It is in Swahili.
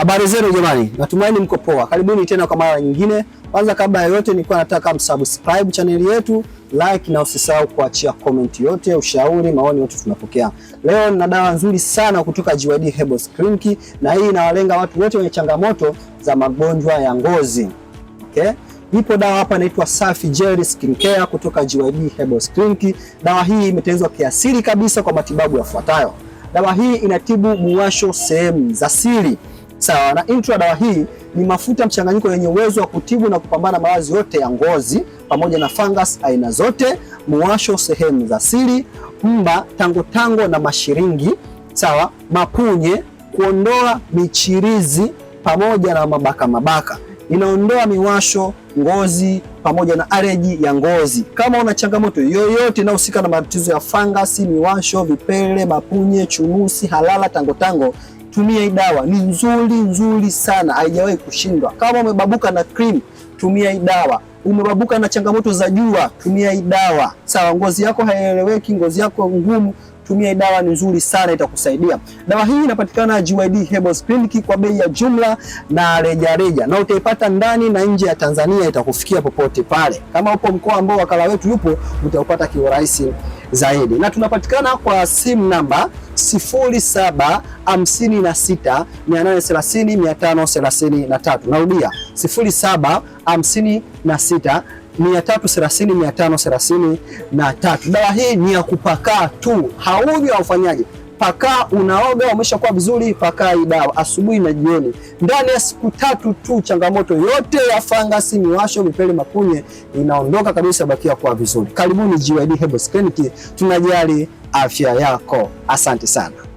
Habari zenu jamani, natumaini mko poa. Karibuni tena kwa mara nyingine. Kwanza kabla ya yote, nilikuwa nataka msubscribe channel yetu, like na usisahau kuachia comment yote, ushauri, maoni yote tunapokea. Leo nina dawa nzuri sana kutoka JYD Herbal Clinic, na hii inawalenga watu wote wenye changamoto za magonjwa ya ngozi okay? Ipo dawa hapa inaitwa Safi Gel Skin Care kutoka JYD Herbal Clinic. Dawa hii imetengenezwa kiasili kabisa kwa matibabu yafuatayo. Dawa hii inatibu muwasho sehemu za siri sawa. Na Intra dawa hii ni mafuta mchanganyiko yenye uwezo wa kutibu na kupambana maradhi yote ya ngozi pamoja na fungus aina zote, muwasho sehemu za siri, mba, tango tango na mashiringi, sawa, mapunye, kuondoa michirizi pamoja na mabaka mabaka, inaondoa miwasho ngozi pamoja na areji ya ngozi. Kama una changamoto yoyote inayohusika na matatizo ya fangasi, miwasho, vipele, mapunye, chunusi, halala, tangotango, tumia hii dawa, ni nzuri nzuri sana, haijawahi kushindwa. Kama umebabuka na cream, tumia hii dawa. Umebabuka na changamoto za jua, tumia hii dawa. Sawa, ngozi yako haieleweki, ngozi yako ngumu tumia dawa, ni nzuri sana, itakusaidia. Dawa hii inapatikana GYD Herbal Clinic kwa bei ya jumla na rejareja, na utaipata ndani na nje ya Tanzania, itakufikia popote pale. Kama upo mkoa ambao wakala wetu yupo, utaupata kiurahisi zaidi, na tunapatikana kwa simu namba 0756 Narudia 0756 Dawa hii ni ya kupakaa tu, haunywi aufanyaji pakaa unaoga, umeshakuwa vizuri, pakaa hii dawa asubuhi na jioni. Ndani ya siku tatu tu, changamoto yote ya fangasi, miwasho, mipele, makunye inaondoka kabisa, bakia kuwa vizuri. Karibuni GYD Herbal Clinic, tunajali afya yako. Asante sana.